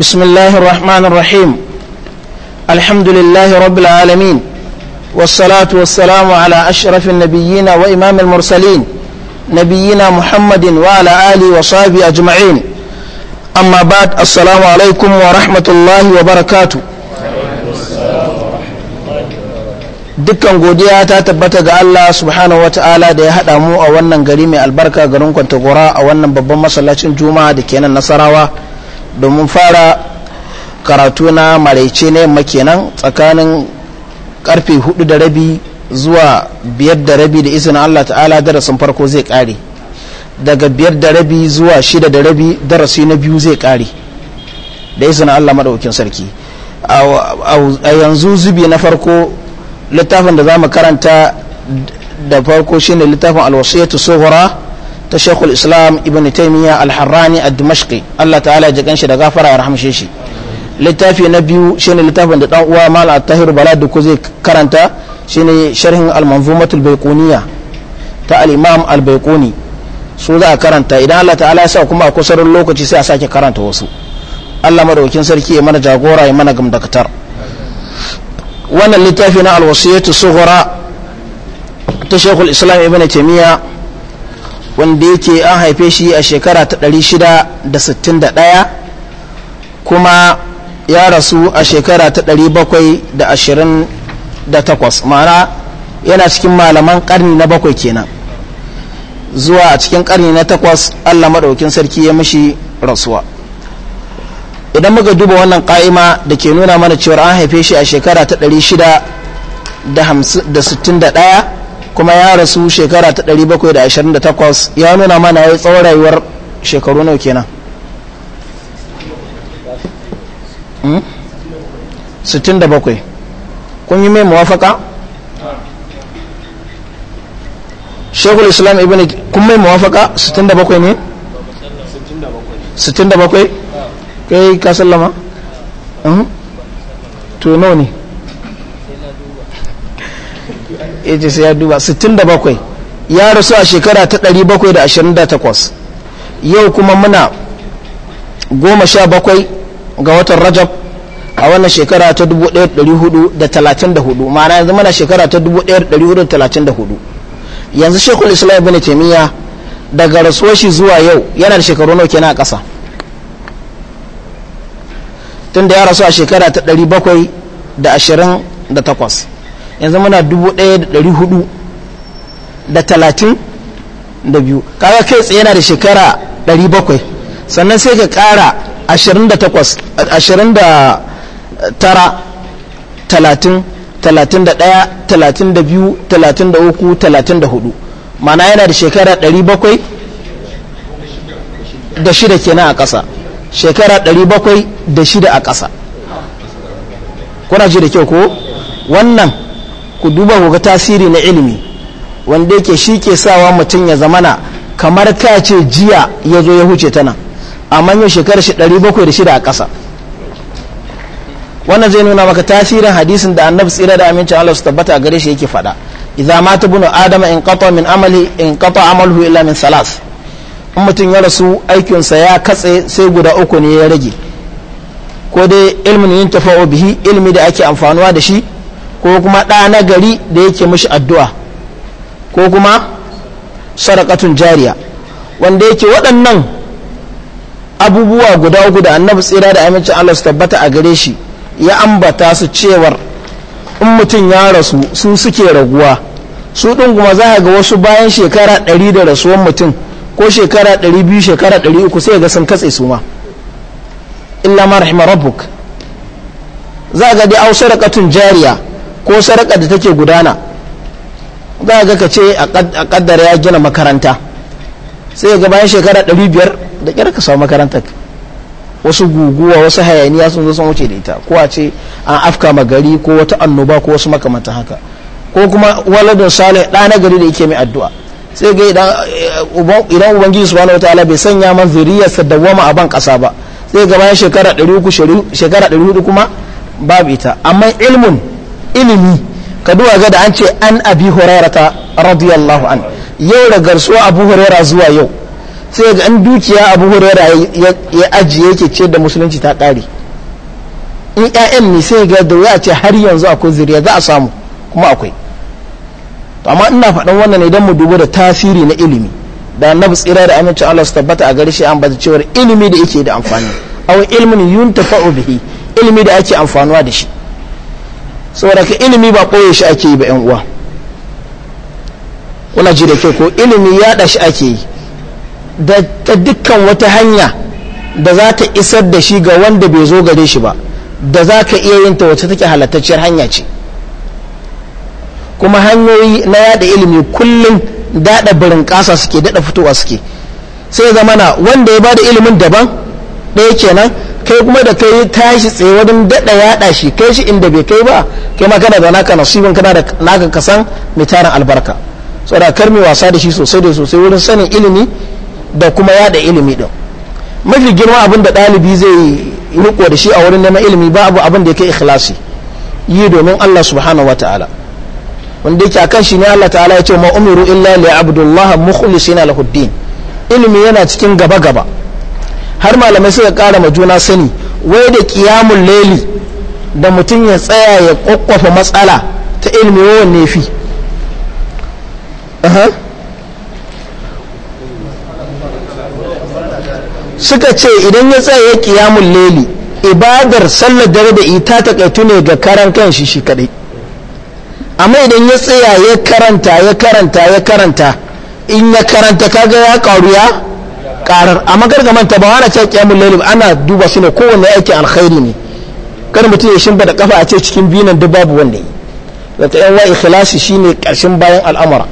بسم الله الرحمن الرحيم الحمد لله رب العالمين والصلاة والسلام على أشرف النبيين وإمام المرسلين نبينا محمد وعلى آله وصحبه أجمعين أما بعد السلام عليكم ورحمة الله وبركاته dukkan godiya ta tabbata ga Allah subhanahu wata'ala da ya haɗa mu a wannan gari mai albarka garin kwantagora a wannan babban masallacin juma'a da kenan nasarawa domin fara karatu na maraice na yamma kenan tsakanin karfe hudu da rabi zuwa biyar da rabi da izinin Allah ta'ala darasin farko zai kare daga biyar da rabi zuwa shida da rabi darasi na biyu zai kare da izinin Allah maɗaukin sarki a yanzu zubi na farko littafin da za mu karanta da farko shine littafin alwasiyatu sughra ta shekul islam ibn taimiyya alharrani a dimashqi allah ta'ala ya jikan shi da gafara ya rahamshe shi littafi na biyu shine littafin da dan uwa mala tahiru bala duku zai karanta shine sharhin al-manzumatul baiquniya ta al-imam al-baiquni su za a karanta idan allah ta'ala ya sa kuma a kusurin lokaci sai a sake karanta wasu allah madaukin sarki ya mana jagora ya mana gamdakatar wannan littafi na alwasiyatu sughra ta shekul islam ibn taimiyya wanda yake an haife shi a shekara ta 661 kuma ya rasu a shekara ta 728 ma'ana yana cikin malaman ƙarni na bakwai kenan zuwa a cikin ƙarni na takwas allah maɗaukin sarki ya mashi rasuwa idan muka duba wannan ƙa'ima da ke nuna mana cewar an haife shi a shekara ta 661 kuma ya rasu shekara ta 728 ya nuna mana ya yi tsawon rayuwar shekaru nau kenan 67 hmm? kun yi mai muwafaka? shekul islam ibn kun mai muwafaka 67 ne? 67 kai ka sallama? Hmm? to nau ne ya ya duba 67 ya rasu a shekara ta 728 yau kuma muna 17 ga watan rajab a wannan shekara ta 1434 ma'ana yanzu muna shekara ta 1434 yanzu shekul islam bin taimiyya daga rasuwar shi zuwa yau yana da shekaru nauke na a ƙasa tun da ya rasu a shekara ta 728 yanzu muna dubu ɗaya da ɗari hudu da talatin da biyu kaga kai tsaye yana da shekara ɗari bakwai sannan sai ka ƙara ashirin da takwas ashirin da tara talatin talatin da ɗaya talatin da biyu talatin da uku talatin da hudu mana yana da shekara ɗari bakwai da shida kenan a ƙasa shekara ɗari bakwai da shida a ƙasa kuna ji da kyau ko wannan ku duba ku ga tasiri na ilimi wanda yake shi ke sawa mutum ya zamana kamar ka ce jiya ya zo ya huce tana a manyan shekarar shi 706 a ƙasa wannan zai nuna maka tasirin hadisin da annabi tsira da amincin Allah su tabbata gare shi yake faɗa idza mata bunu adama in qata min amali in qata amaluhu illa min salas in mutum ya rasu aikinsa ya katse sai guda uku ne ya rage ko dai ilmin yin tafa'u bihi ilmi da ake amfanuwa da shi ko kuma ɗa na gari da yake mashi addu'a ko kuma sarakatun jariya wanda yake waɗannan abubuwa guda uku da annabi tsira da amince Allah su tabbata a gare shi ya ambata su cewar in mutum ya rasu su suke raguwa su ɗin kuma za ga wasu bayan shekara ɗari da rasuwan mutum ko shekara ɗari biyu shekara ɗari uku sai ga sun katse su ma illa ma rahima rabbuk za ga dai au sarakatun jariya ko sarƙa da take gudana za ga ka ce a ƙaddara ya gina makaranta sai ga bayan shekara 500 da ƙyar ka samu makarantar wasu guguwa wasu hayaniya sun zo sun wuce da ita ko a ce an afka magari gari ko wata annoba ko wasu makamata haka ko kuma waladun salih ɗa na gari da yake mai addu'a sai ga idan eh, ubangiji subhanahu wataala bai sanya man zuriyarsa dawwama a ban kasa ba sai ga bayan shekara 300 shekara 400 kuma babu ita amma ilmun ilimi ka duwa ga da an ce an abi hurairata radiyallahu an yau da garsuwa abu huraira zuwa yau sai ga an dukiya abu huraira ya ajiye yake ce da musulunci ta kare in 'ya'yan ne sai ga da ya ce har yanzu akwai zuriya za a samu kuma akwai amma ina faɗan wannan ne idan mu duba da tasiri na ilimi da annabi tsira da amincin Allah su tabbata a gare shi an bata cewar ilimi da yake da amfani aw ilmin yuntafa'u bihi ilimi da ake amfanuwa da shi saboda ilimi ba ɓoye shi ake yi ba yan uwa kuna ji da ke ko ilimi yaɗa shi ake yi da ta dukkan wata hanya da za ta isar da shi ga wanda bai zo gare shi ba da za ka iya yin ta wacce take halattacciyar hanya ce kuma hanyoyi na yada ilimi kullum daɗa birin ƙasa suke daɗa fitowa suke sai zama zamana wanda ya ba da ilimin daban ɗaya kenan kai kuma da kai tashi tsaye wajen daɗa yaɗa shi kai shi inda bai kai ba kai ma kana da naka nasibin kana da naka kasan mai tarin albarka saboda kar mai wasa da shi sosai da sosai wurin sanin ilimi da kuma yaɗa ilimi ɗin. mafi girma abin da ɗalibi zai riko da shi a wurin neman ilimi ba abu abin da yake ikhlasi yi domin Allah subhanahu wa ta'ala wanda yake akan shi ne Allah ta'ala ya ce ma umiru illa li abdullah mukhlisina lahu ilimi yana cikin gaba gaba har malamai suka kara ma juna sani wai da kiyamun leli da mutum ya tsaya ya kwakwafa matsala ta ilmi yawan nefi suka ce idan ya tsaya ya kiyamun leli ibadar sallar dare da ita ta kaitu ne ga karan kanshi shi kadai amma idan ya tsaya ya karanta ya karanta ya karanta in ya karanta kaga ya karu ya karar amma ta ba wani ce mun laili ana duba shi ne kowanne aiki alkhairi ne kar mutum ya shimba da kafa a ce cikin binan duk babu wanda yi zata yan wa ikhlasi shine karshen bayan al'amura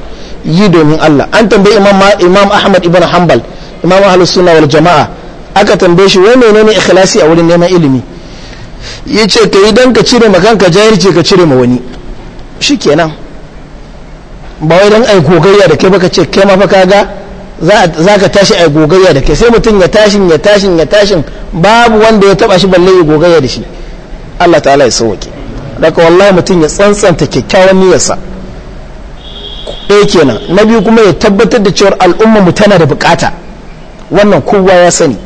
yi domin Allah an tambayi imam imam Ahmad ibn Hanbal imam ahlus sunna wal jamaa aka tambaye shi wai menene ikhlasi a wurin neman ilimi yace ka yi dan ka cire ma kanka jahilci ka cire ma wani shikenan ba wai dan ai gogayya da kai baka ce kai ma fa kaga za ka tashi a gogayya da kai sai mutum ya tashin ya tashin ya tashin babu wanda ya taba shi balle ya gogayya da shi Allah ta'ala ya sauke daga wallahi mutum ya tsantsanta kyakkyawan niyyarsa ɗaya kenan na biyu kuma ya tabbatar da cewar al'umma mu tana da bukata wannan kowa ya sani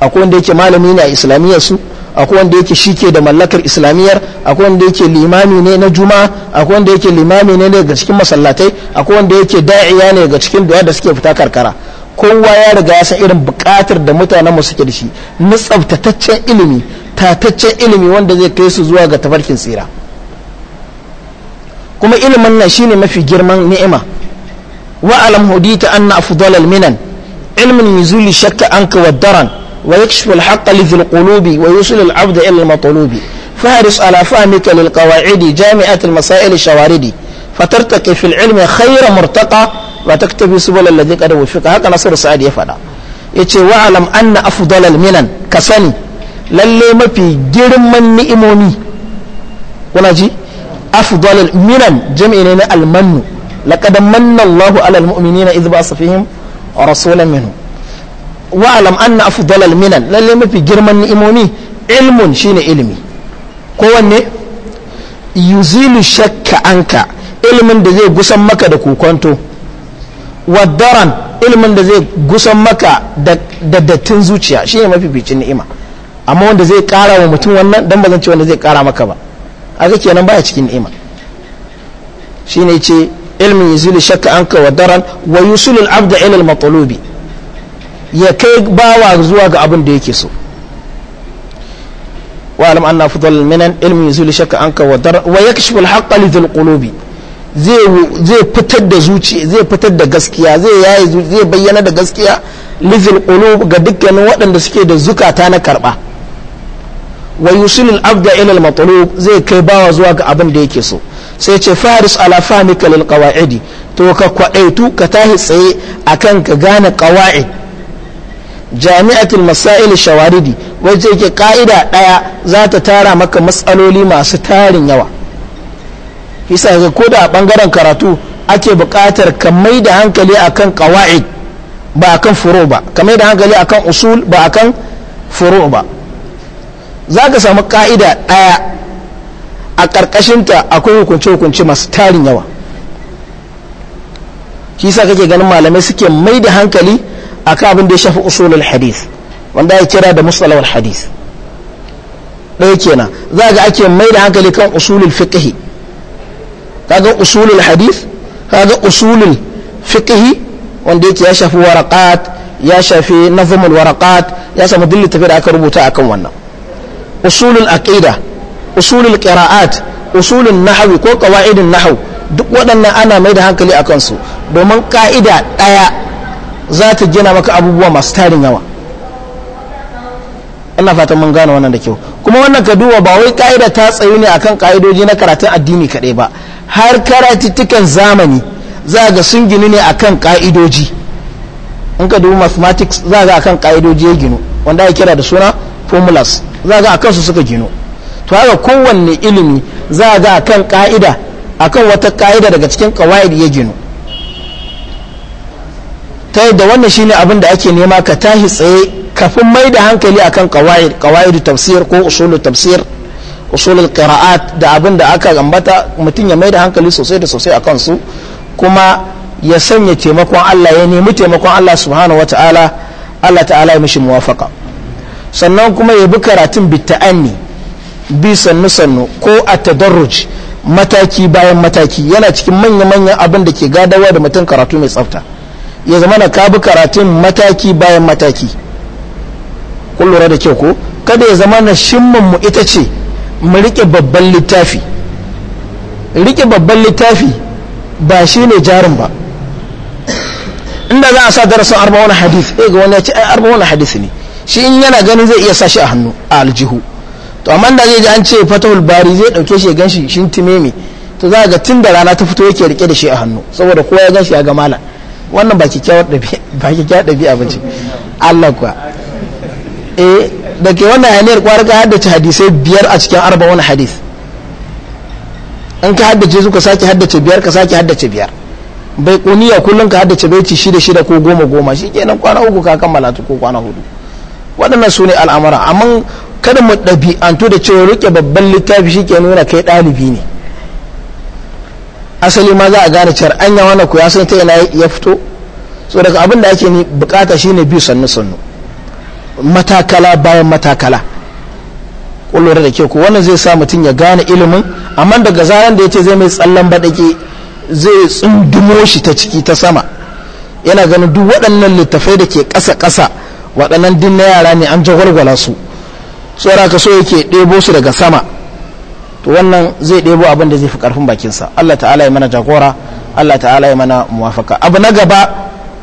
akwai wanda yake malami na islamiyya su akwai wanda yake shi ke da mallakar islamiyar akwai wanda yake limami ne na juma akwai wanda yake limami ne daga cikin masallatai akwai wanda yake da'iya ne daga cikin da suke fita karkara kowa ya riga ya san irin bukatar da mutanen mu suke da shi na tsaftataccen ilimi tataccen ilimi wanda zai kai su zuwa ga tafarkin tsira kuma ilimin nan shine mafi girman ni'ima wa alam hudita anna afdalal minan ilmin yuzuli shakka anka wadaran ويكشف الحق لذي القلوب ويوصل العبد إلى المطلوب فهرس على فهمك للقواعد جامعة المسائل الشواردي فترتقي في العلم خير مرتقى وتكتب سبل الذي قد وفق هكا نصر سعد يفعل يتي واعلم أن أفضل المنن كسني للي ما في جرم نئمومي ونجي أفضل المنن جمعنا المن لقد من الله على المؤمنين إذ بأص فيهم رسولا منهم wa'alam afu dalal minan lalle mafi girman ni'imomi ilmun shine ilimi kowanne yuzilu shakka anka ilimin da zai gusan maka da kokonto waddaran ilimin da zai gusan maka da dattin zuciya shine mafi bicin ni'ima amma wanda zai kara wa mutum wannan dan zan ce wanda zai kara maka ba ga kenan baya cikin ni'ima shine ce ilmin yuzilu shakka anka waddaran wa yusulul abda ila al ya kai bawa zuwa ga abin da yake so wa alam anna fadl minan ilmi yuzil shakka anka wa dar wa yakshif al li lidhil qulubi zai fitar da zuciya zai fitar da gaskiya zai yayi zai bayyana da gaskiya lidhil qulub ga dukkanin waɗanda suke da zukata na karba wa yusil al-abda ila al-matlub zai kai bawa zuwa ga abin da yake so sai ce faris ala fahmika lil qawa'idi to ka kwadaitu ka tahi tsaye akan ka gane qawa'id jami'atul masail shawaridi wacce yake ka'ida ɗaya za ta tara maka matsaloli masu tarin yawa kisa ga ko da a ɓangaren karatu ake buƙatar ka mai da hankali akan ƙawa'id ba akan furo ba ka mai da hankali akan usul ba akan furo ba za ka samu ka'ida ɗaya a ƙarƙashinta akwai hukunce-hukunce masu tarin yawa shi sa kake ganin malamai suke mai da hankali akan abin da ya shafi usulul hadith wanda ya kira da mustalahul hadith ɗaya kenan za ga ake mai da hankali kan usulul fiqhi kaga usulul hadith kaga usulul fiqhi wanda yake ya shafi waraqat ya shafi nazmul waraqat ya samu dillin tafi da aka rubuta kan wannan usulul aqida usulul qira'at usulun nahawi ko qawaidun nahau duk waɗannan ana mai da hankali a kansu domin ka'ida ɗaya za ta gina maka abubuwa masu tarin yawa ina fatan mun gane wannan da kyau kuma wannan ka duba ba wai ka'ida ta tsayu ne akan ka'idoji na karatun addini kaɗai ba har karatuttukan zamani za ga sun gini ne akan ka'idoji in ka dubi mathematics za ga akan ka'idoji ya gino wanda ya kira da suna formulas za ga akan su suka gino to haka kowanne ilimi za ga akan ka'ida akan wata ka'ida daga cikin kawai ya gino. ta yadda wannan shine abin da ake nema ka tashi tsaye kafin mai da hankali akan qawaid qawaidu tafsir ko usulul tafsir usulul qira'at da abin da aka gambata mutum ya mai da hankali sosai da sosai akan su kuma ya sanya taimakon Allah ya nemi taimakon Allah subhanahu wataala Allah ta'ala ya mishi muwafaka sannan kuma ya bi karatun ta'anni bi sannu sannu ko a tadarruj mataki bayan mataki yana cikin manya-manyan abin da ke gadawa da mutum karatu mai tsafta ya zama na kabi karatun mataki bayan mataki kullura da kyau ko kada ya zama na mu ita ce mu rike babban littafi rike babban littafi ba shi ne jarin ba inda za a sa darasin arba'un hadith eh ga wani ya ce ai arba'un hadith ne shi in yana ganin zai iya sa shi a hannu a aljihu to amma da zai ji an ce fatahul bari zai dauke shi ya ganshi shin timemi to za ga tun da rana ta fito yake rike da shi a hannu saboda kowa ya ganshi ya ga malam wannan ba kyakkyawar ɗabi'a ba ce Allah kuwa eh da ke wannan hanyar kwar ka haddace hadisai biyar a cikin arba wani hadis in ka haddace su ka sake haddace biyar ka sake haddace biyar bai kuniya kullum ka haddace bai ci shida shida ko goma goma shi kenan kwana uku ka kammala ko kwana hudu waɗannan su ne al'amura amma kada mu ɗabi'antu da cewa rike babban littafi shi ke nuna kai ɗalibi ne asali ma za a gane cewar anya wani ku ya san ta yana ya fito so daga abin da ake bukata shine biyu sannu sannu matakala bayan matakala kullum da ke ku wannan zai sa mutum ya gane ilimin amma daga zaran da ya ce zai mai tsallan baɗaƙe zai tsundumo shi ta ciki ta sama yana ganin duk waɗannan littafai da ke ƙasa-ƙasa waɗannan din na yara ne an jagwalgwala su saboda ka so yake ɗebo su daga sama to wannan zai ɗebo abin da zai fi ƙarfin bakinsa Allah ta'ala ya mana jagora Allah ta'ala ya mana muwafaka abu na gaba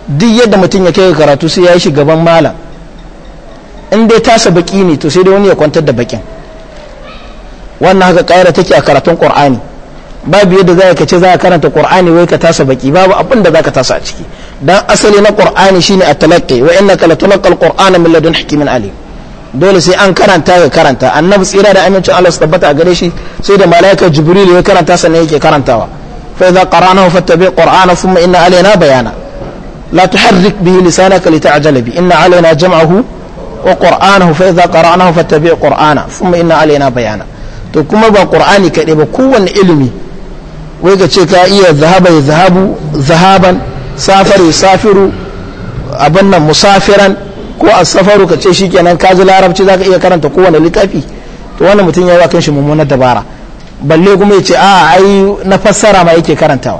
duk yadda mutum ya kai karatu sai ya yi gaban malam in dai tasa baki ne to sai dai wani ya kwantar da bakin wannan haka ƙaira take a karatun ƙur'ani babu yadda za ka ce za ka karanta ƙur'ani wai ka tasa baki babu abin da za ka tasa a ciki dan asali na ƙur'ani shine a talaqqi wa innaka latulqal qur'ana min ladun hakimin alim dole sai an karanta ya karanta annabi tsira da amincin Allah su tabbata a gare shi sai da malaikar jibril ya karanta sannan yake karantawa fa idza qara'nahu fattabi qur'ana thumma inna alaina bayana la tuharrik bihi lisanaka lita'jala bi inna alaina jam'ahu wa qur'anahu fa idza qara'nahu fattabi qur'ana thumma inna alaina bayana to kuma ba qur'ani kadai ba kowanne ilimi wai ga ce ka iya zahaba ya zahabu zahaban safari ya safiru abin nan musafiran ko a safaru ka ce shi kenan ka ji larabci za ka iya karanta kowane littafi to wannan mutum ya yi wa kanshi mummunar dabara balle kuma ya ce a ai na fassara ma yake karantawa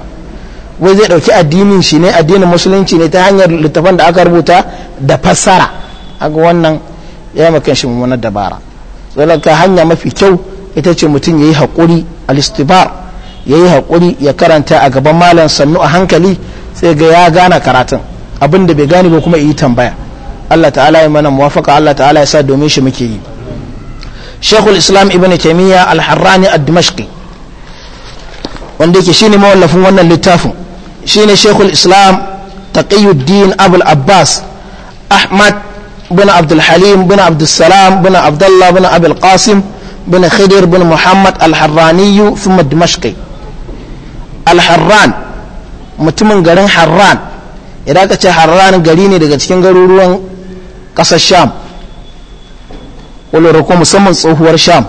wai zai ɗauki addinin shi ne addinin musulunci ne ta hanyar littafan da aka rubuta da fassara aga wannan ya yi kanshi mummunar dabara tsalaka hanya mafi kyau ita ce mutum ya yi haƙuri alistibar ya yi haƙuri ya karanta a gaban malam sannu a hankali sai ga ya gana karatun abin da bai gane ba kuma yi tambaya Allah ta'ala ya mana muwafaka Allah ta'ala ya sa domin shi muke yi shekul Islam Ibn Taymiyyah Al-Harrani Ad-Dimashqi wanda yake shine mawallafin wannan littafin shine Sheikhul Islam Taqiyuddin Abul Abbas Ahmad bin Abdul Halim bin Abdul Salam bin Abdullah bin Abul Qasim bin Khidir bin Muhammad Al-Harrani thumma Dimashqi Al-Harran mutumin garin Harran idan ka ce Harran gari ne daga cikin garuruwan ƙasar sham wani ko musamman tsohuwar sham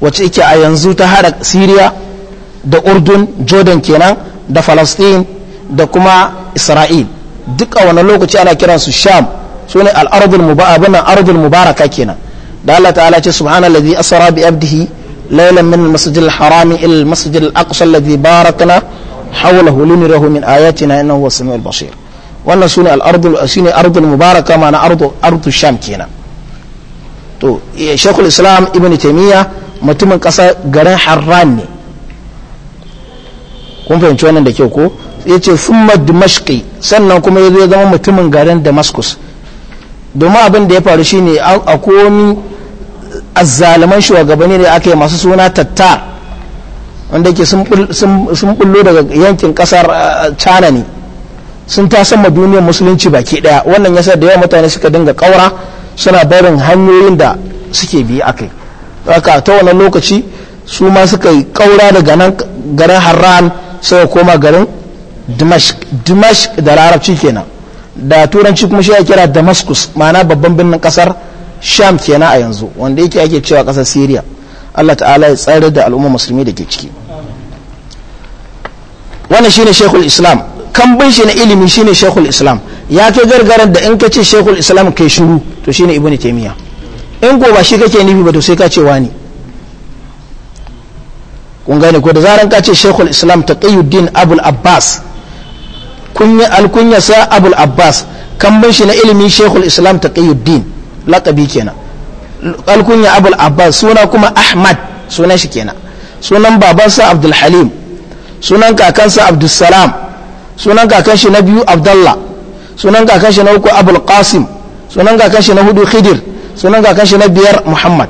wacce ike a yanzu ta hada syria da urdun jordan kenan da falastin da kuma isra'il duka a wani lokaci ana kiransu sham su ne al'ardul mubaraka mubaraka kenan da Allah ta'ala ce subhana asra bi abdihi laylan min al-masjidil harami ila al-masjidil aqsa alladhi barakna hawlahu linirahu min ayatina innahu was-sami'ul basir wannan su ne al'ardul mubaraka ma na ardu sham kenan to eh, shekul islam ibn taimiyya mutumin ƙasa garin harran ne kun fahimci wannan da kyau ko ya ce summa dimashki sannan kuma ya zo zama mutumin garin damascus domin abin da ya faru shine a komi azzaliman shugabanni ne aka yi masu suna tattar wanda ke sun bullo daga yankin kasar eh, china ne sun ta sama duniyar musulunci baki daya wannan yasa da yawa mutane suka dinga kaura suna barin hanyoyin da suke bi kai haka ta wannan lokaci su ma suka yi kaura daga nan garin harran suka koma garin dimashq da larabci kenan da turanci kuma shi ya kira damascus ma'ana babban birnin kasar sham kenan a yanzu wanda yake ake cewa kasar syria allah ta'ala ya tsare da al'umma musulmi da ke ciki wannan shine shekul islam kambin shi na ilimi shine shekul islam ya to gargaran da in ka ce shekul islam kai shuru to shine ibnu taimiya in ko ba shi kake nufi ba to sai ka ce wani kun gane ko da zaran ka ce shekul islam taqiyuddin abul abbas kunya alkunya sa abul abbas kamban shi na ilimi shekul islam taqiyuddin laqabi kenan alkunya abul abbas suna kuma ahmad sunan shi kenan sunan babansa abdul halim sunan kakansa Abdulsalam. sunan kakan shi na biyu abdallah sunan kakan shi na uku abul qasim sunan kakan shi na hudu khidir sunan kakan shi na biyar muhammad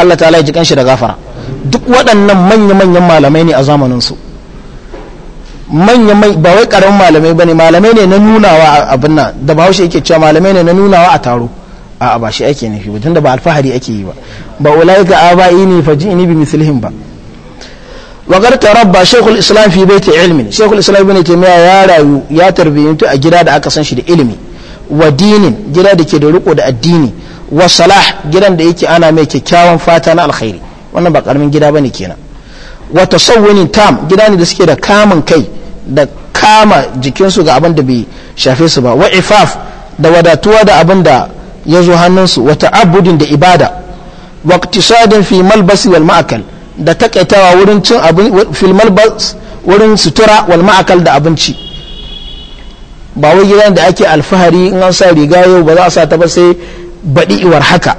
Allah ta ya ji kanshi da gafara duk waɗannan manya-manyan malamai ne a zamaninsu manya-manyan ba wai ƙaramin malamai ba ne malamai ne na nunawa a abin nan da bahaushe yake cewa malamai ne na nunawa a taro a ba shi ake nufi ba tunda ba alfahari ake yi ba ba ulaika abaini fajini bi mislihim ba wagar tarabba shekul islam fi baiti ilmin shekul islam ibn taymiya ya rayu ya tarbiyyantu a gida da aka san shi da ilimi wa dinin gida da ke da riko da addini wa salah gidan da yake ana mai kyakkyawan fata na alkhairi wannan ba karamin gida bane kenan wa tasawwunin tam gida ne da suke da kamun kai da kama jikinsu ga abin da bai shafe su ba wa ifaf da wadatuwa da abin da ya zo hannunsu wa ta'abbudin da ibada wa iqtisadin fi malbasi wal ma'akal da takaitawa wurin cin abin filmal bas wurin sutura wal ma'akal da abinci ba wai gidan da ake alfahari in an sa riga yau ba za a sa ta ba sai baɗi iwar haka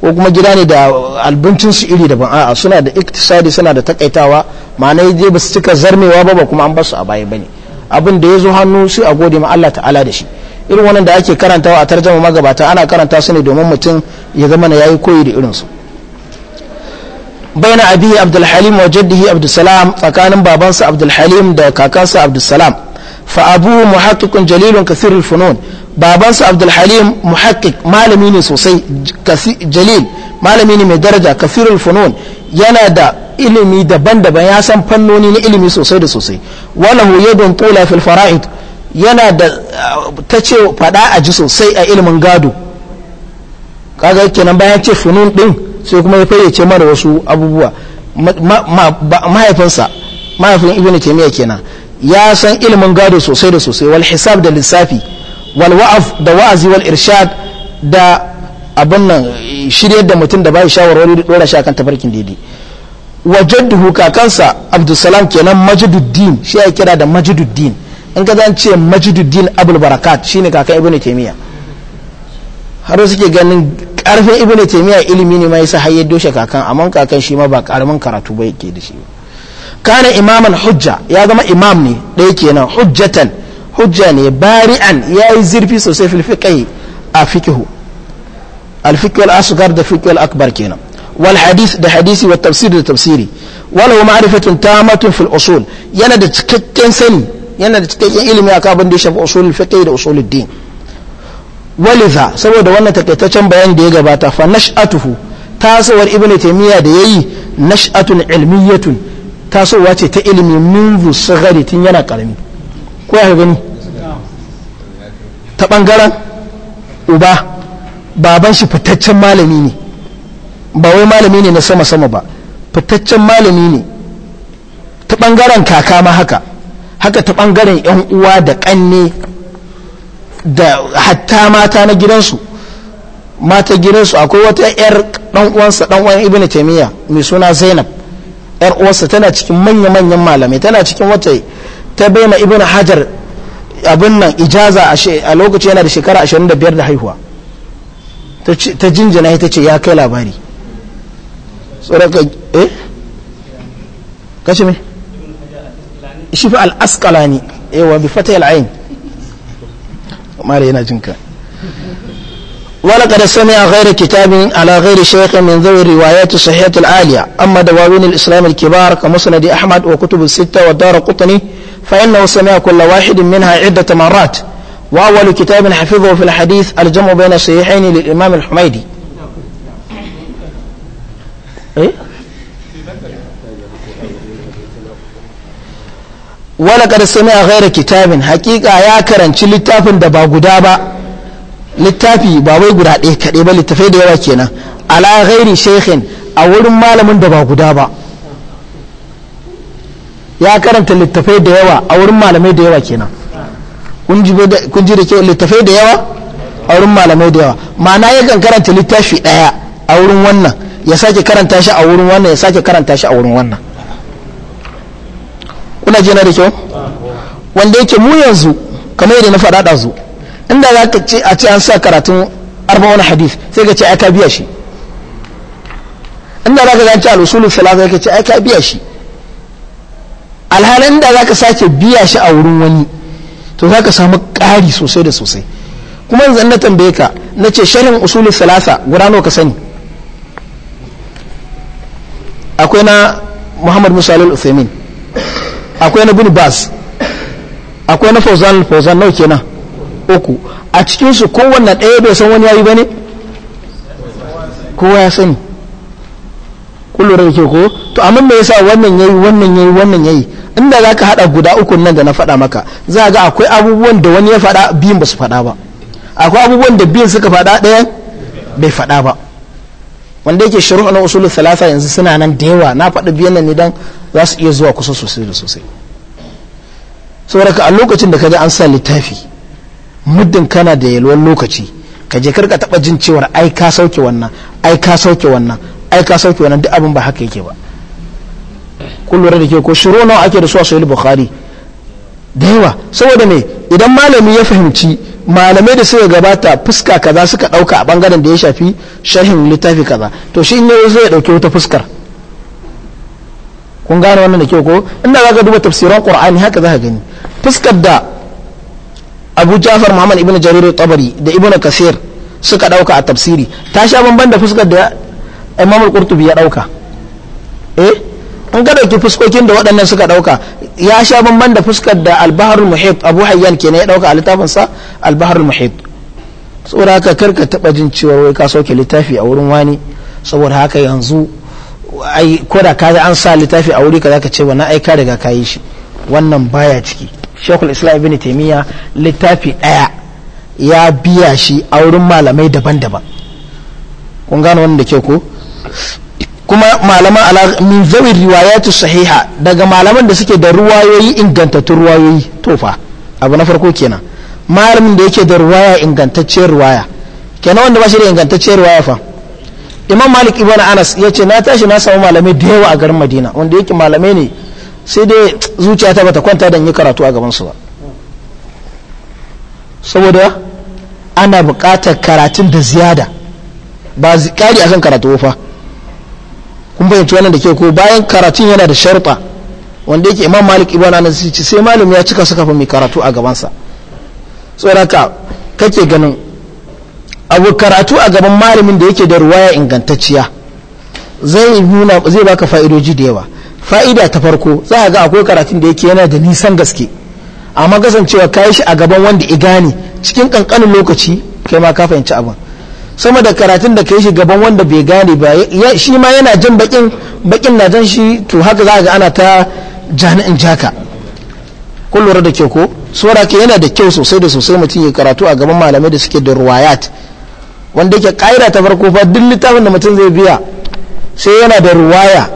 ko kuma gida ne da albincin su iri daban a'a suna da iktisadi suna da takaitawa ma'ana dai ba su cika zarmewa ba ba kuma an ba a baya bane abin da ya zo hannu sai a gode ma Allah ta'ala da shi irin wannan da ake karantawa a tarjama magabata ana karanta su ne domin mutum ya zama na yayi koyi da irin su. bayan abihi abdulhalim wa jaddihi abdulsalam tsakanin babansa abdulhalim da kakansa abdulsalam fa abu muhaqqiqun jalilun kathirul funun babansa abdulhalim muhaqqiq malami ne sosai jalil malami ne mai daraja kathirul funun yana da ilimi daban-daban ya san fannoni na ilimi sosai da sosai walahu yadun tula fil fara'id yana da ta ce fada a ji sosai a ilimin gado kaga kenan bayan ce funun din sai kuma ya fayyace mana wasu abubuwa mahaifinsa mahaifin ibn taymiya kenan ya san ilimin gado sosai da sosai wal hisab da lissafi wal wa'af da wa'azi wal irshad da abin nan shirye da mutum da bai shawarwari da dora shi akan tafarkin daidai wa jadduhu kakansa abdulsalam kenan majiduddin shi ya kira da majiduddin in ka zan ce majiduddin abul barakat shine kakan ibn taymiya har suke ganin karfin ibn taymiya ilimi ne ma yasa har ya doshe kakan amma kakan shi ma ba karamin karatu ba yake da shi kana imaman hujja ya zama imam ne ɗaya kenan hujjatan hujja ne bari'an ya yi zirfi sosai fil fiqhi a fiqhu al fiqh da fiqh akbar kenan wal hadith da hadisi wa tafsir da tafsiri walau ma'rifatun tamatun fil usul yana da cikakken sani yana da cikakken ilimi akan abin da ya shafi usulul fiqh da usulul din waliza saboda wannan takaitaccen bayani da ya gabata fa nash'atuhu tasowar ibn taymiya da yayi nash'atun ilmiyatun tasowa ce ta ilmi munzu sagari tun yana karami ko ya gani ta bangaren uba baban shi fitaccen malami ne ba wai malami ne na sama sama ba fitaccen malami ne ta bangaren kaka ma haka haka ta bangaren yan uwa da kanne da hatta mata na gidansu mata gidansu akwai wata yar dan uwansa dan uwan ibnu taymiya mai suna zainab yar uwarsa tana cikin manya manyan malamai tana cikin wata ta baima ibnu hajar abin nan ijaza a lokaci yana da shekara 25 da haihuwa ta jinjina ita ce ya kai labari tsoraka eh kashi me shi al-asqalani ewa bi fatah al-ain mara yana jinka wala kada sami a ghairi kitabin ala ghairi shaikha min zawi riwayatu sahihat aliya amma da wawin al-islam al-kibar ka musnad ahmad wa kutub sitta wa dar qutni fa inna sami'a kull wahid minha iddat marat wa awwal kitabin hafizahu fi al-hadith al-jam' bayna sahihayn lil-imam al wala kada sami a ghaira kitabin hakika ya karanci littafin da ba guda ba littafi ba wai guda ɗaya kaɗai ba littafai da yawa kenan ala ghairi shekhin a wurin malamin da ba guda ba ya karanta littafai da yawa a wurin malamai da yawa kenan kun ji da ke littafai da yawa a wurin malamai da yawa ma'ana kan karanta littafi ɗaya a wurin wannan ya sake karanta shi a wurin wannan ya sake karanta shi a wurin wannan kuna jina da kyau wanda yake mu yanzu kamar yadda na faɗa ɗazu inda za ka ce a ce an sa karatun wani hadith sai ka ce ai biya shi inda za ka zance lusulun salata sai ka ce ai biya shi alhalin da za ka sake biya shi a wurin wani to za ka samu ƙari sosai da sosai kuma yanzu na tambaye ka na ce shirin usulun salasa guda nawa ka sani akwai na muhammad musa al akwai na bin bas akwai na fauzan fauzan nau kenan uku a cikinsu kowanne ɗaya bai san wani yayi ba ne kowa ya sani kullum da ke ko to amma me yasa wannan yayi wannan yayi wannan yayi inda zaka ka guda uku nan da na faɗa maka za ga akwai abubuwan da wani ya faɗa biyun ba su faɗa ba akwai abubuwan da biyun suka faɗa ɗayan bai faɗa ba wanda yake shiru na usulun thalatha yanzu suna nan da yawa na faɗi biyan nan ne za su iya zuwa kusa sosai da sosai saboda ka a lokacin da kaji an sa littafi muddin kana da yalwar lokaci ka je karka taba jin cewar ai ka sauke wannan ai ka sauke wannan ai ka sauke wannan duk abin ba haka yake ba kun lura da ke ko shiro nawa ake da su a sahih bukhari da yawa saboda me idan malami ya fahimci malamai da suka gabata fuska kaza suka dauka a bangaren da ya shafi shahin littafi kaza to shi ne yazo ya dauke wata fuskar kun gane wannan da kyau ko inda zaka duba tafsiran qur'ani haka zaka gani fuskar da Abu Ja'far Muhammad ibn Jarir tabari da Ibn Kasir suka dauka a tafsiri ta sha bamban da fuskar da Imam al-Qurtubi ya dauka eh in ka dauki fuskokin da waɗannan suka ɗauka ya sha bamban da fuskar da albaharul muhit abu hayyan kenan ya ɗauka a littafin sa albaharul muhit saboda haka kar ka taɓa jin cewa wai ka sauke littafi a wurin wani saboda haka yanzu ai ko da ka an sa littafi a wuri za ka ce wannan ai ka riga ka yi shi wannan baya ciki shekul islam ibn taimiyya littafi ɗaya ya biya shi a wurin malamai daban-daban kun gane wannan da ke ko kuma malaman min zawi riwayatu sahiha daga malaman da suke da ruwayoyi ingantattun ruwayoyi tofa abu na farko kenan malamin da yake da ruwaya ingantacciyar ruwaya kenan wanda ba shi da ingantacciyar ruwaya fa imam malik ibn anas ya ce na tashi na samu malamai da yawa a garin madina wanda yake malamai ne sai dai zuciya ta bata kwanta dan yi karatu a gaban su ba saboda ana buƙatar karatun da ziyada ba kari akan karatu fa kun fahimci wannan da ke ko bayan karatun yana da sharuɗa wanda yake imam malik ibana na ce sai malum ya cika su kafin mai karatu a gabansa ka kake ganin abu karatu a gaban malamin da yake da ruwaya ingantacciya zai nuna zai baka fa'idoji da yawa fa'ida ta farko za ga akwai karatun da yake yana da nisan gaske amma kasancewa ka yi shi a gaban wanda i gane cikin kankanin lokaci kai ma ka fahimci abin sama da karatun da ka yi shi gaban wanda bai gane ba shi ma yana jin bakin bakin na jan shi to haka za a ga ana ta jani'in jaka kun lura da kyau ko tsora ke yana da kyau sosai da sosai mutum ya karatu a gaban malamai da suke da ruwayat wanda yake ka'ida ta farko fa duk littafin da mutum zai biya sai yana da ruwaya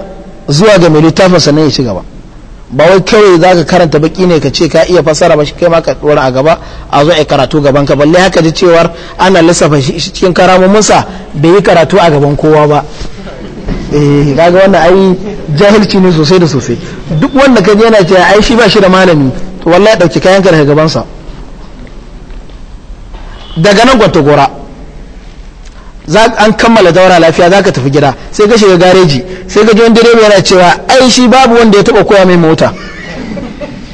zuwa ga mai littafin sannan ya ci gaba ba wai kawai za ka karanta baki ne ka ce ka iya fassara ba shi kai ma ka dora a gaba a zo a karatu gaban ka balle haka ji cewar ana lissafa shi cikin karamominsa bai yi karatu a gaban kowa ba eh kaga wannan ai jahilci ne sosai da sosai duk wanda kaji yana cewa ai shi ba shi da malami to wallahi dauki kayan ka daga gaban sa daga nan gwanta gora an kammala daura lafiya za ka tafi gida sai ka shiga gareji sai ka ji wani direba yana cewa ai shi babu wanda ya taba koya mai mota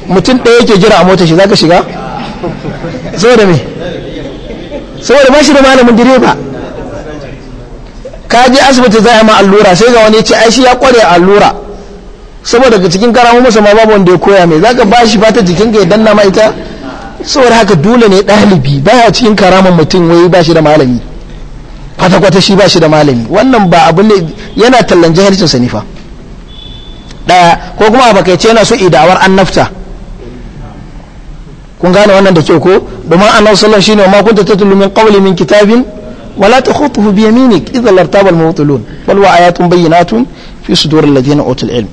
mutum ɗaya yake jira a mota shi za ka shiga saboda me saboda ba shi da malamin direba ka je asibiti za a ma allura sai ga wani ya ce ai shi ya kware a allura saboda ga cikin karamu masa ma babu wanda ya koya mai za ka ba shi fata jikinka ya danna ma ita saboda haka dole ne ɗalibi baya cikin karamin mutum wai ba shi da malami kwata-kwata shi ba shi da malami wannan ba abu ne yana tallan jahilcinsa ne fa ɗaya ko kuma a bakaice yana so idawar annabta kun gane wannan da kyau ko domin annabi sallallahu shine ma kunta tatlu min qawli min kitabin wala takhutuhu bi yaminik idza idan al mubtilun bal wa ayatun bayyinatun fi sudur alladhina utul ilm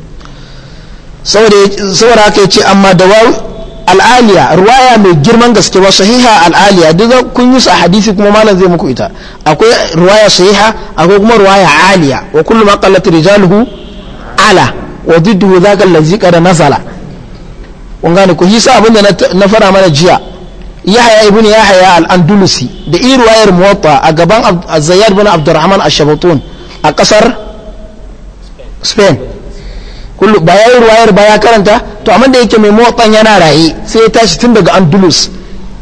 saboda saboda haka yace amma dawawi al'aliya ruwaya mai girman gaske ba sahiha al'aliya duk kun yi sa a hadisi kuma malam zai muku ita akwai ruwaya sahiha akwai kuma ruwaya aliya wa kullu ma qallat rijaluhu ala wa didduhu zaka allazi qad nazala kun gane ku hisa abinda na fara mana jiya yahya ibn yahya al-andalusi da i ruwayar muwatta a gaban zayyad bin abdurrahman ash-shabatun a kasar spain kullu ba yayi ruwayar ba ya karanta to amma da yake mai motsan yana raye sai ya tashi tun daga Andalus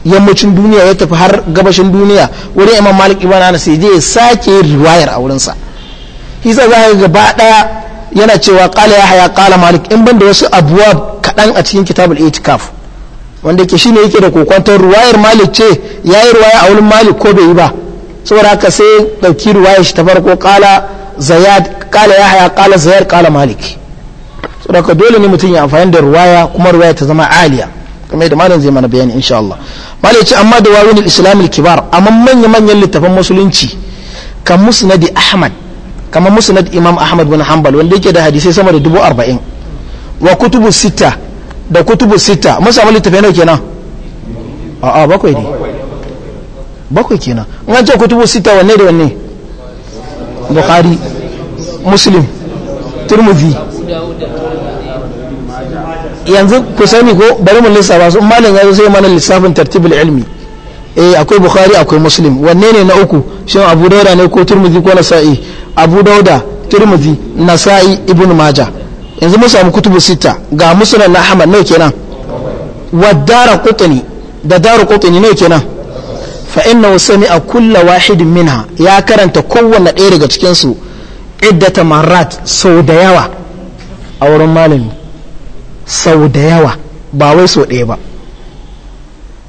yammacin duniya ya tafi har gabashin duniya wurin Imam Malik ibn Anas sai ya sake yin riwayar a wurin sa hisa za ga gaba daya yana cewa qala ya haya qala Malik in banda wasu abuwa kadan a cikin kitabul itikaf wanda yake shine yake da kokwantar ruwayar Malik ce yayi ruwaya a wurin Malik ko bai yi ba saboda haka sai dauki ruwayar shi ta farko qala Zayad qala ya haya qala Zayad qala Malik saboda dole ne mutum ya amfani da ruwaya kuma ruwaya ta zama aliya kamar da malam zai mana bayani insha Allah malai ce amma da wawin al-islam kibar amma manya manyan littafin musulunci kan musnad ahmad kamar musnad imam ahmad bin hanbal wanda yake da hadisai sama da dubu arba'in wa kutubu sita da kutubu sita mun samu littafai nawa kenan a'a bakwai ne bakwai kenan in an ce kutubu sita wanne da wanne bukhari muslim turmuzi yanzu ku sani ko bari mu lissafa su malin ya zo sai mana lissafin tartibul ilmi eh akwai bukhari akwai muslim wanne ne na uku shin abu dauda ne ko turmuzi ko nasa'i abu dauda turmuzi nasa'i ibnu maja yanzu mu samu kutubu sita ga musnad na ahmad ne kenan wadara qutni da daru qutni nawa kenan fa innahu sami'a kullu wahidin minha ya karanta kowanne ɗaya daga cikin su iddata marrat sau da yawa a wurin malami sau da yawa ba wai sau ɗaya ba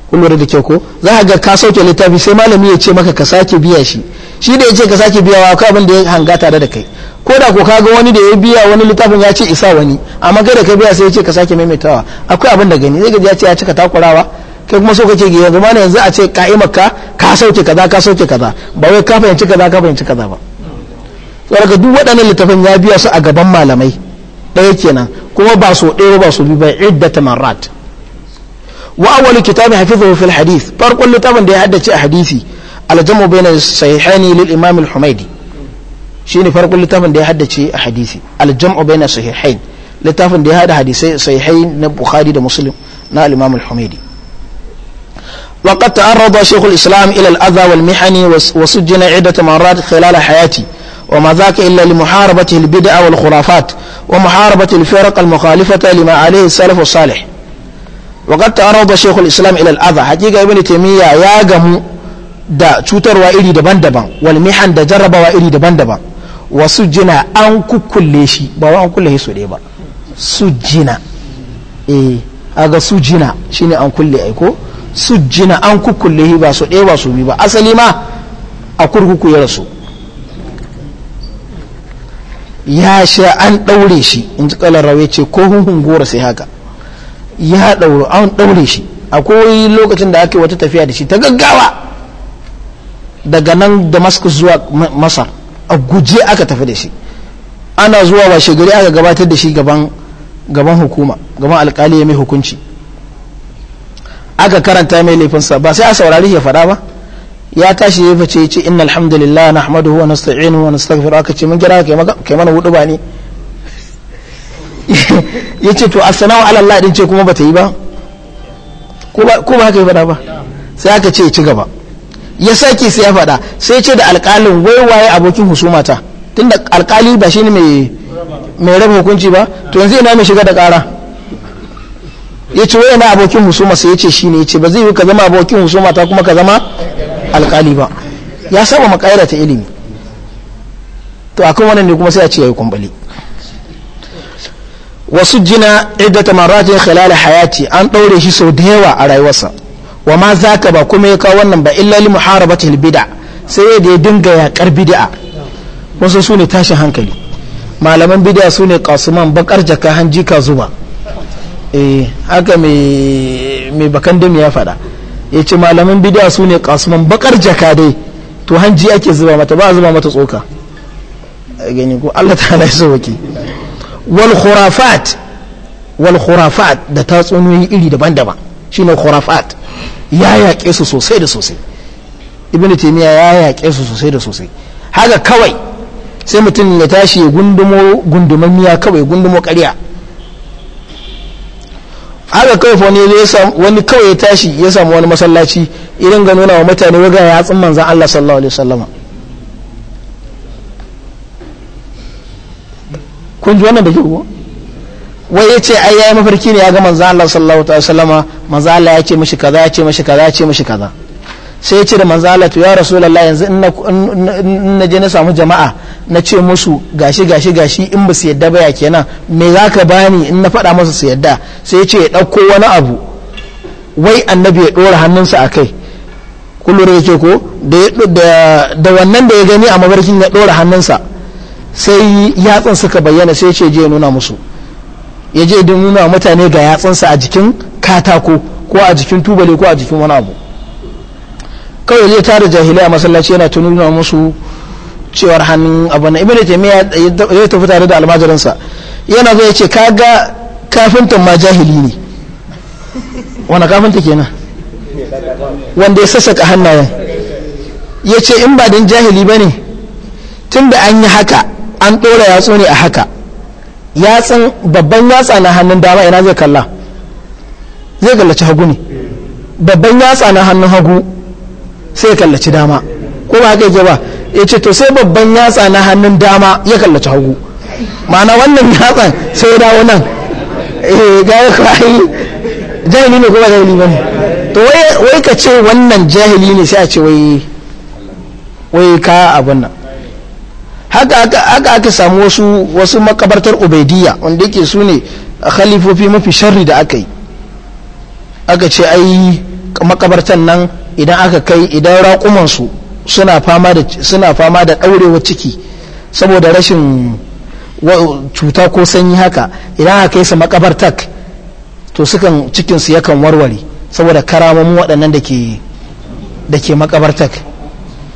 kun da kyau ko za a ga ka sauke littafi sai malami ya ce maka ka sake biya shi shi da ya ce ka sake biyawa ka abin da ya hanga tare da kai ko da ko kaga wani da ya biya wani littafin ya ce isa wani amma kai ka biya sai ya ce ka sake maimaitawa akwai abin da gani zai ga ya ce ya cika takurawa kai kuma so kake yanzu ma yanzu a ce ka'imar ka sauke kaza ka sauke kaza ba wai ka fahimci kaza ka fahimci kaza ba ka duk waɗannan littafin ya biya su a gaban malamai ɗaya kenan kuma ba so ɗaya ba so biyu ba iddat marrat wa awwal kitabi hafizahu fil hadith farkon littafin da ya haddace a hadisi aljamu jamu bayna sahihaini lil imam al-humaidi shine farkon littafin da ya haddace a hadisi al-jamu bayna sahihain littafin da ya hada hadisai sahihai na bukhari da muslim na al-imam al-humaidi وقد تعرض شيخ الإسلام إلى الأذى والمحن وسجن عدة مرات خلال حياتي وما ذاك إلا لمحاربته البدع والخرافات ومحاربة الفرق المخالفة لما عليه السلف الصالح وقد تعرض شيخ الإسلام إلى الأذى حقيقة ابن تيمية يا جمو da cutarwa iri daban-daban walmihan da jarrabawa iri daban-daban wasu jina an kukkulle shi ba wa an kulle su ɗaya ba su jina eh aga su jina an kulle aiko su an kukkulle ba su ɗaya biyu ba asali ma a kurkuku ya rasu ya sha an ɗaure shi in ji ƙalar ce ko hunhun gora sai haka ya ɗauro an ɗaure shi akwai lokacin da ake wata tafiya da shi ta gaggawa daga nan damascus zuwa masar a guje aka tafi da shi ana zuwa ba shigari aka gabatar da shi gaban gaban hukuma gaban alkali ya mai hukunci aka karanta mai laifinsa ba sai a saurari ya faɗa ba ya tashi ya fice ce inna alhamdulillah nahmaduhu wa nasta'inu wa nastaghfiru aka ce mun kira kai mana hudu ba ne yace to a ala Allah din ce kuma bata yi ba ko ba haka yi fada ba sai aka ce ci gaba ya sake sai ya faɗa sai ce da alƙalin wai waye abokin husumata tunda alƙali ba shine mai mai raba hukunci ba to yanzu ina mai shiga da ƙara ya ce wai na abokin husuma sai ya ce shine ya ce ba zai yi ka zama abokin husumata kuma ka zama alƙali ba ya saba makayar ta ilimi to akan wannan ne kuma sai a ce yayi kumbali wasu jina ta maratin khilal hayati an daure shi sau da yawa a rayuwarsa wa ma zaka ba kuma ya kawo wannan ba illa li muharabatil bid'a sai ya ya dinga yakar bid'a wasu su ne tashin hankali malaman bid'a su ne kasuman bakar jaka hanji ka zuba eh haka mai bakan dami ya faɗa ya ce malamin bidiya su ne kasuman bakar jaka dai to hanji ake zuba mata ba zuba mata tsoka gani ko Allah ta halaye su wake wal khurafat wal khurafat da tatsuniyoyi iri daban-daban shine khurafat ya yaƙe su sosai da sosai ibnu taymiya ya yaƙe su sosai da sosai haka kawai sai mutum ya tashi gundumo gundumammiya kawai gundumo ƙarya haka kawai fa wani kawai ya tashi ya samu wani masallaci irin ga nuna wa mutane waga ya tsin manzan Allah sallallahu alaihi wasallama kun ji wannan da ke wai ya ce ai yayi mafarki ne ya ga manzan Allah sallallahu alaihi wasallama manzan Allah ya ce mishi kaza ya ce mishi kaza ya ce mishi kaza sai ya ce da manzan Allah to ya rasulullahi yanzu in na je na samu jama'a na ce musu gashi gashi gashi in ba su yadda ya kenan me za ka bani in na faɗa masa su yadda sai ya ce ya ɗauko wani abu wai annabi ya ɗora hannunsa a kai kullum ya ke ko da wannan da ya gani a mabarkin ya ɗora hannunsa sai yatsan suka bayyana sai ce je nuna musu ya je don nuna mutane ga yatsansa a jikin katako ko a jikin tubali ko a jikin wani abu kawai zai tara jahilai a masallaci yana ta nuna musu cewar hannun abin ibn jami'a ya tafi tare da almajirinsa yana zai ya ce kaga kafintan ma jahili ne wani kafinta kenan wanda ya sassaka hannayen ya ce in ba din jahili ba ne tun da an yi haka an ɗora yatsu ne a haka yatsun babban yatsa na hannun dama ina zai kalla zai kallaci hagu ne babban yatsa na hannun hagu sai kallaci dama ko ba haka yake ba ya ce to sai babban yatsa na hannun dama ya kallaci hagu ma'ana wannan yatsa sai dawo nan eh ga ya kwayi jahili ne kuma jahili ba ne to wai ka ce wannan jahili ne sai a ce wai ka abin nan haka aka samu wasu wasu makabartar ubaidiyya wanda yake su ne khalifofi mafi sharri da aka yi aka ce ai makabartan nan idan aka kai idan raƙumansu suna fama da suna fama da daurewa ciki saboda rashin cuta ko sanyi haka idan aka kai su makabartak to sukan cikin su yakan warware saboda karamomin waɗannan da ke da ke makabartak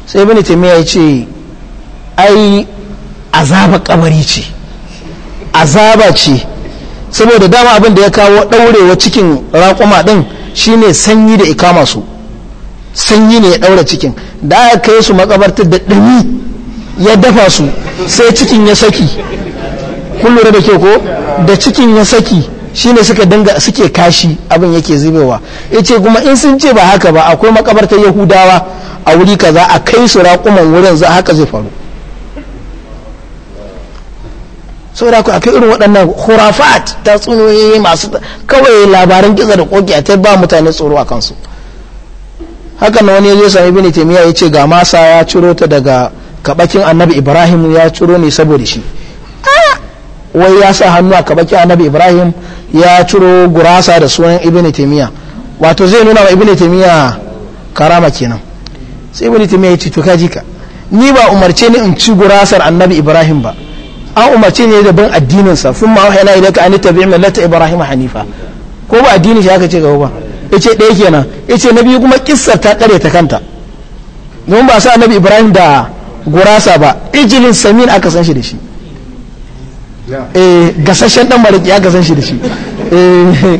sai ibn taymiya ya ce ai azaba kabari ce azaba ce saboda dama abin da ya kawo daurewa cikin raƙuma din shine sanyi da ikama su sanyi ne ya ɗaura cikin da aka kai su makabartar da ɗumi ya dafa su sai cikin ya saki kullum da ke ko da cikin ya saki shine suka dinga suke kashi abin yake zubewa yace kuma in sun ce ba haka ba akwai makabartar yahudawa a wuri kaza a kai su raƙuman wurin za haka zai faru saboda ku kai irin waɗannan hurafat tatsuniyoyi masu kawai labaran gizo da koki a ta ba mutane tsoro a kansu haka na wani zo sami bin taimiya ya ce ga masa ya ciro ta daga kabakin annabi ibrahim ya ciro ne saboda shi ah! wai ya sa hannu a kabakin annabi ibrahim ya ciro gurasa da sunan ibn taimiya wato zai nuna wa ibn taimiya karama kenan sai ibn taimiya ya ce to kaji ka ni ba umarce ni in ci gurasar annabi ibrahim ba an umarce ne da bin addininsa sun ma wahayana idan ka an tabi'a millata ibrahim hanifa ko ba addinin shi aka ce gaba ba ce ɗaya kenan ce na biyu kuma kissar ta ƙare ta kanta don ba sa annabi ibrahim da gurasa ba ijilin samin aka san shi da shi eh gasashen dan mariki aka san shi da shi eh.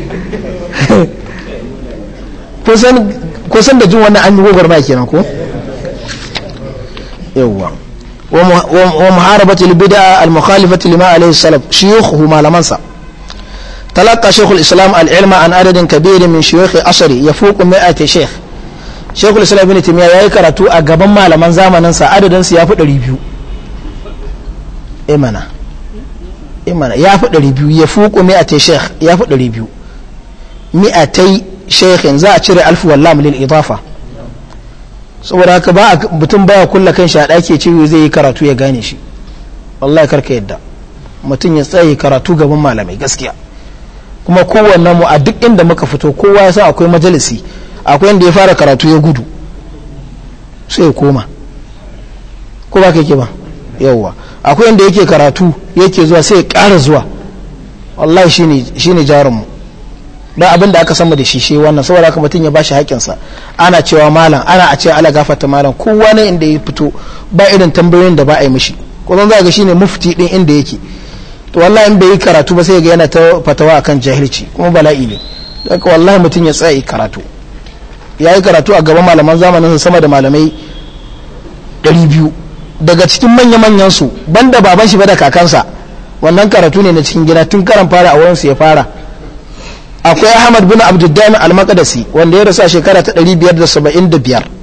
kusan da jin wannan an yi gogar ma kenan ko yawwa wa muharabatu bida al-mukhalifatu lima alayhi salaf shuyukhu malamansa تلقى شيخ الإسلام العلم عن عدد كبير من شيوخ عصره يفوق 100 شيخ شيخ الإسلام ابن تيمية يا كراتو أجابن ما لمن زمن سا عدد سيافو ريبيو إمانا إمانا يافو ريبيو يفوق 100 شيخ يافو ريبيو 200 شيخ za a cire alfu wallam lil idafa saboda haka ba mutum baya kulla kan shi a ɗaki ce zai yi karatu ya gane shi wallahi karka yadda mutum ya tsaye karatu gaban malamai gaskiya kuma kowanne mu a duk inda muka fito kowa ya sa akwai majalisi akwai inda ya fara karatu ya gudu sai ya koma ko ba yake ba yawwa akwai inda yake karatu yake zuwa sai ya kara zuwa wallahi shine shine mu. don abin da aka sama da shi shi wannan saboda haka mutum ya bashi haƙƙinsa ana cewa malam ana a ce ala gafarta malam kowa ne inda ya fito ba irin tambayoyin da ba a yi mishi ko zan za ga shine mufti din inda yake to wallahi bai yi karatu ba sai ga yana ta fatawa akan jahilci kuma bala'i ne daga wallahi mutum ya tsaya karatu ya yi karatu a gaban malaman zamanin sama da malamai 200 daga cikin manya-manyan su banda baban shi ba da kakansa wannan karatu ne na cikin gida tun karan fara a wurin su ya fara akwai ahmad bin dami al-maqdisi wanda ya rasa a shekara ta 575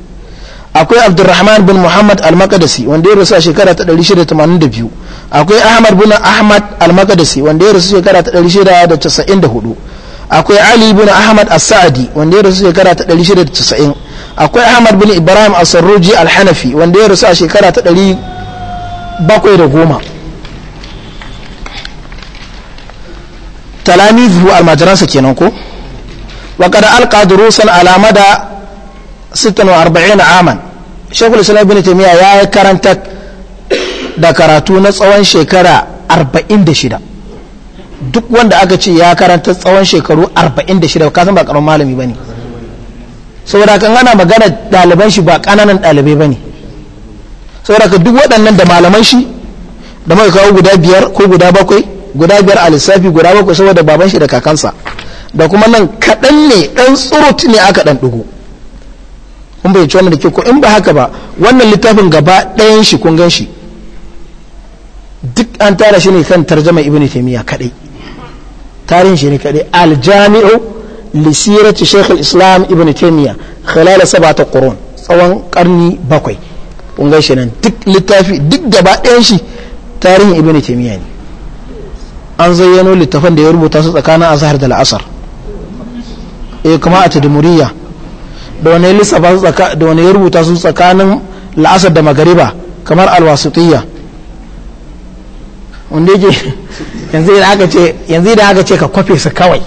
akwai abdurrahman bin muhammad al-makadasi wanda ya rasu a shekara ta 682 akwai ahmad bin ahmad al-makadasi wanda ya rasu shekara ta 694 akwai ali bin ahmad as-sa'adi wanda ya rasu shekara ta 690 akwai ahmad bin ibrahim as-sarruji al-hanafi wanda ya rasu a shekara ta 710 talamizu majaransa kenan ko wa kada alqa durusan ala mada 46 aman shekul islam bin taimiyya ya yi karanta da karatu na tsawon shekara 46 duk wanda aka ce ya karanta tsawon shekaru 46 kasan ba karamin malami ba ne saboda kan ana magana ɗaliban shi ba ƙananan ɗalibai ba ne saboda ka duk waɗannan da malaman shi da mai kawo guda biyar ko guda bakwai guda biyar a lissafi guda bakwai saboda baban shi da kakansa da kuma nan kaɗan ne ɗan tsurut ne aka ɗan ɗugu kun bai ci wannan da ke ko in ba haka ba wannan littafin gaba ɗayan shi kun gan shi duk an tara shi ne kan tarjama ibn taimiyya kadai tarihin shi ne kadai aljami'u li sirati shaykh al-islam ibn taymiya khilal sab'ati qurun tsawon karni bakwai kun gan shi nan duk littafi duk gaba ɗayan shi tarihin ibn taimiyya ne an zayyano littafan da ya rubuta su tsakanin azhar da la'asar. eh kuma a tadmuriyya da wani ya lissafa su da wani ya rubuta su tsakanin la'asar da magariba kamar alwasutiyya wanda yake yanzu idan aka ce yanzu idan aka ce ka kwafe su kawai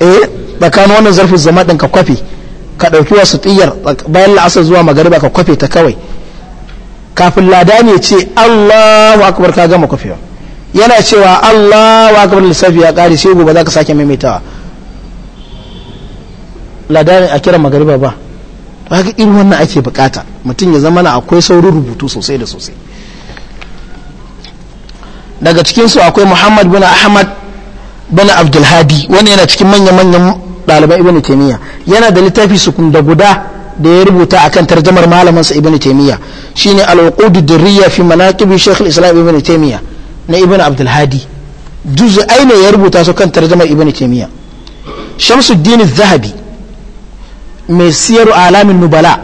eh tsakanin wannan zarfin zama din ka kwafe ka ɗauki wasu tiyar bayan la'asar zuwa magariba ka kwafe ta kawai kafin lada ne ce Allahu akbar ka gama kwafewa yana cewa Allahu akbar lissafi ya ƙari sai gobe za ka sake maimaitawa ladarin a kira magariba ba ba ga irin wannan ake bukata mutum ya zama na akwai saurin rubutu sosai da sosai daga cikinsu akwai muhammad bin ahmad bin abdulhadi wani yana cikin manya-manyan ɗaliban ibn taimiyya yana da littafi su da guda da ya rubuta akan tarjamar malamansa ibn taimiyya shine al-uqud dirriya fi manaqibi shaykh islam ibn taimiyya na ibn abdulhadi juz'ai ne ya rubuta su kan tarjamar ibn taimiyya shamsuddin zahabi mai siyar alamin nubala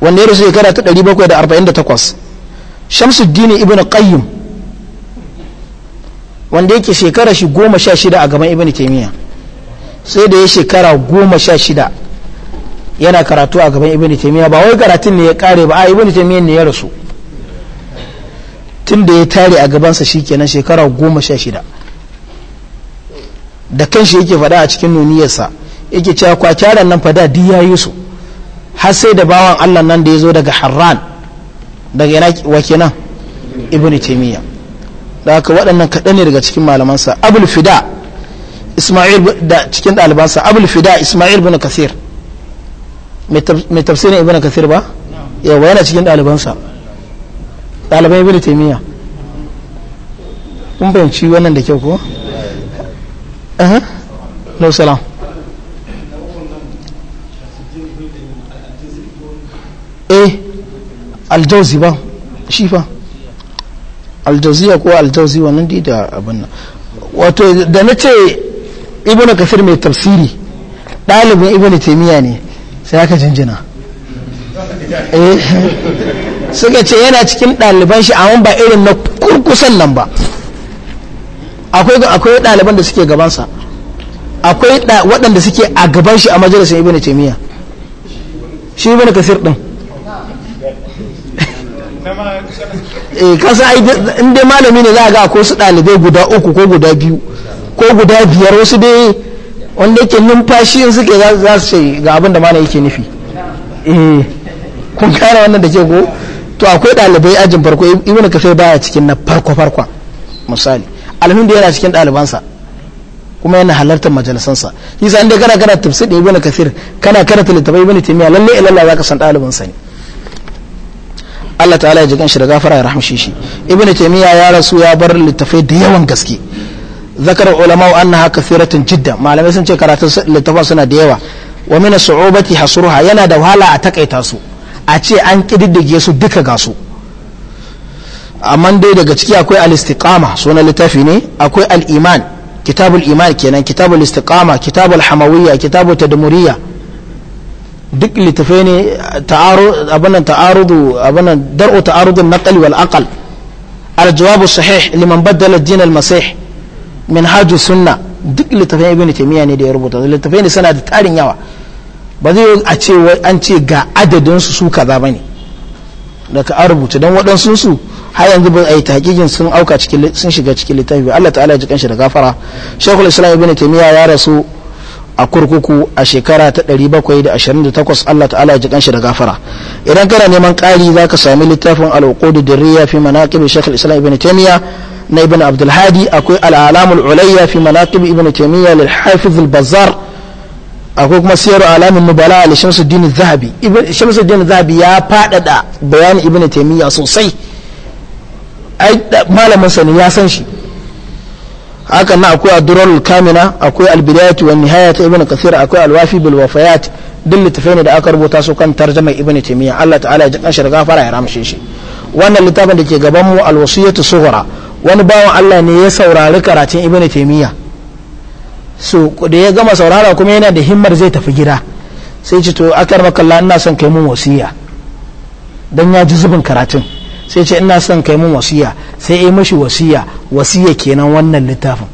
wanda ya rasu shekara ta 748 shamsuddini ibn qayyim wanda yake shekara shi goma sha shida a gaban ibn taimiyya sai da ya shekara goma sha shida yana karatu a gaban ibn taimiyya ba wai karatun ne ya kare ba a ibn taimiyya ne ya rasu tun da ya tare a gabansa shi kenan shekara goma sha shida da kanshi yake faɗa a cikin nuniyarsa yake cewa kwakyaran nan fada duk ya yi su har sai da bawan allah nan da ya zo daga harran daga yana wake nan ibn taimiyya da haka waɗannan kaɗan ne daga cikin malamansa abul fida isma'il da cikin ɗalibansa abul fida isma'il bin kasir mai tafsirin ibn kasir ba yawa yana cikin ɗalibansa ɗaliban ibn taimiyya kun bayanci wannan da kyau ko? Uh -huh. no salam eh aljauzi ba shi fa aljauziya ko aljauzi wannan dai da abin nan wato da na ce ibn kafir mai tafsiri ɗalibin ibn taimiyya ne sai aka jinjina eh, suka ce yana cikin ɗaliban shi amma ba irin na kurkusan nan ba akwai ɗaliban da suke gabansa akwai waɗanda suke a gaban shi a majalisar ibn taimiyya shi ibn kasir ɗin eh kasa in dai malami ne za a ga ko su dalibai guda uku ko guda biyu ko guda biyar wasu dai wanda yake numfashi in suke za su ce ga abin da mana yake nufi eh kun kare wannan da ke ko to akwai dalibai ajin farko ibn kasir baya cikin na farko farko misali alhamdu yana cikin ɗalibansa kuma yana halarta majalisansa sa inda in kana tafsir da ibnu kathir kana karanta littafai ibnu taymiya lalle ilalla zaka san dalibin sa ne Allah ta'ala ya jigan shi da gafara ya rahmshe shi ya rasu ya bar littafai da yawan gaske zakar ulama annaha kathiratun jidda malamai sun ce karatun littafan suna da yawa wa min su'ubati hasruha yana da wahala a takaita su a ce an kididdige su duka ga su amma dai daga ciki akwai al-istiqama sunan littafi ne akwai al-iman kitabul iman kenan kitabul istiqama kitabul hamawiyya kitabul tadmuriyya duk littafai ne abinan ta'arudu abinan dar'u ta'arudun naqli wal aqal al-jawabu sahih liman baddala din al-masih min haju sunna duk littafai ibn taymiya ne da ya rubuta littafai ne suna da tarin yawa ba zai a ce an ce ga adadin su su kaza bane daga an rubuta dan waɗansu su har yanzu ba a yi tahqiqin sun auka cikin sun shiga cikin littafi Allah ta'ala ji kanshi da gafara Sheikhul Islam Ibn Taymiyyah ya rasu a kurkuku a shekara ta 728 Allah ta'ala ji kanshi da gafara idan kana neman ƙari zaka sami littafin al-uqud dirriya fi manaqib Sheikhul Islam Ibn Taymiyyah na Ibn Abdul Hadi akwai al-alamul ulayya fi manaqib Ibn Taymiyyah lil Hafiz al-Bazzar akwai kuma siyar alamin mubala al-Shamsuddin al-Zahabi Ibn Shamsuddin zahabi ya fadada bayanin Ibn Taymiyyah sosai malamin sa ne ya san shi hakan na akwai adurarul kamina akwai albidayatu wa nihaya ta ibn kathir akwai alwafi bil wafayat duk littafai ne da aka rubuta su kan tarjama ibn taymiya Allah ta'ala ya ji shirga fara ya ramshe shi wannan littafin da ke gaban mu alwasiyatu sughra wani bawan Allah ne ya saurari karatun ibn taymiya so da ya gama saurara kuma yana da himmar zai tafi gida sai ce to akar makalla ina son kai mun wasiya dan ya ji zubin karatun sai ce ina son kai mun wasiya sai yi mashi wasiya wasiya kenan wannan littafin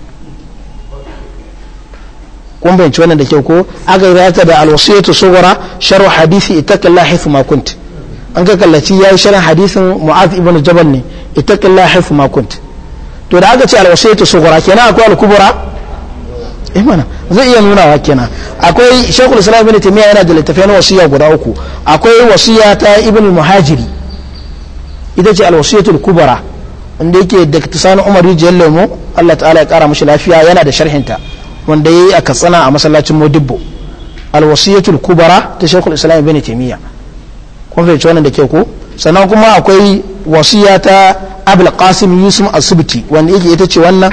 kun bayanci wannan da kyau ko aka zata da alwasiyatu sughra sharh hadisi ittaqillah hifu ma kunt an ga kallaci yayi sharh hadisin mu'az ibn jabal ne ittaqillah hifu ma kunt to da aka ce alwasiyatu sughra kenan akwai alkubra eh mana zai iya wa kenan akwai shaykhul islam ibn taymiya yana da littafin wasiya guda uku akwai wasiya ta ibn muhajiri ita ce alwasiyatul kubara wanda yake da tisani umar rijiyar lemo allah ta'ala ya kara mashi lafiya yana da sharhinta wanda ya yi a katsina a masallacin modibbo alwasiyatul kubara ta shekul islam ibn taimiyya kun fahimci wannan da ke ko sannan kuma akwai wasiya ta abul qasim yusuf asibiti wanda yake ita ce wannan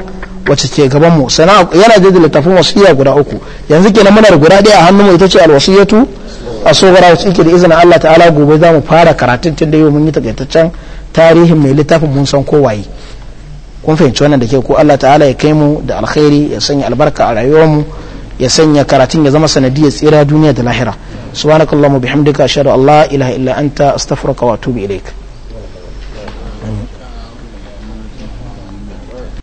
wacce ke gaban mu sannan yana da littafin wasiya guda uku yanzu kenan muna da guda daya a hannun mu ita ce alwasiyatu a sogara wacce yake da izinin allah ta'ala gobe za mu fara karatun tun da yau mun yi takaitaccen tarihin mai littafin mun san kowaye kun fahimci wannan da ke ko Allah ta'ala ya kai mu da alkhairi ya sanya albarka a rayuwar mu ya sanya karatun ya zama sanadiyar tsira duniya da lahira subhanakallahumma bihamdika ashhadu an la ilaha illa anta astaghfiruka wa atubu ilaik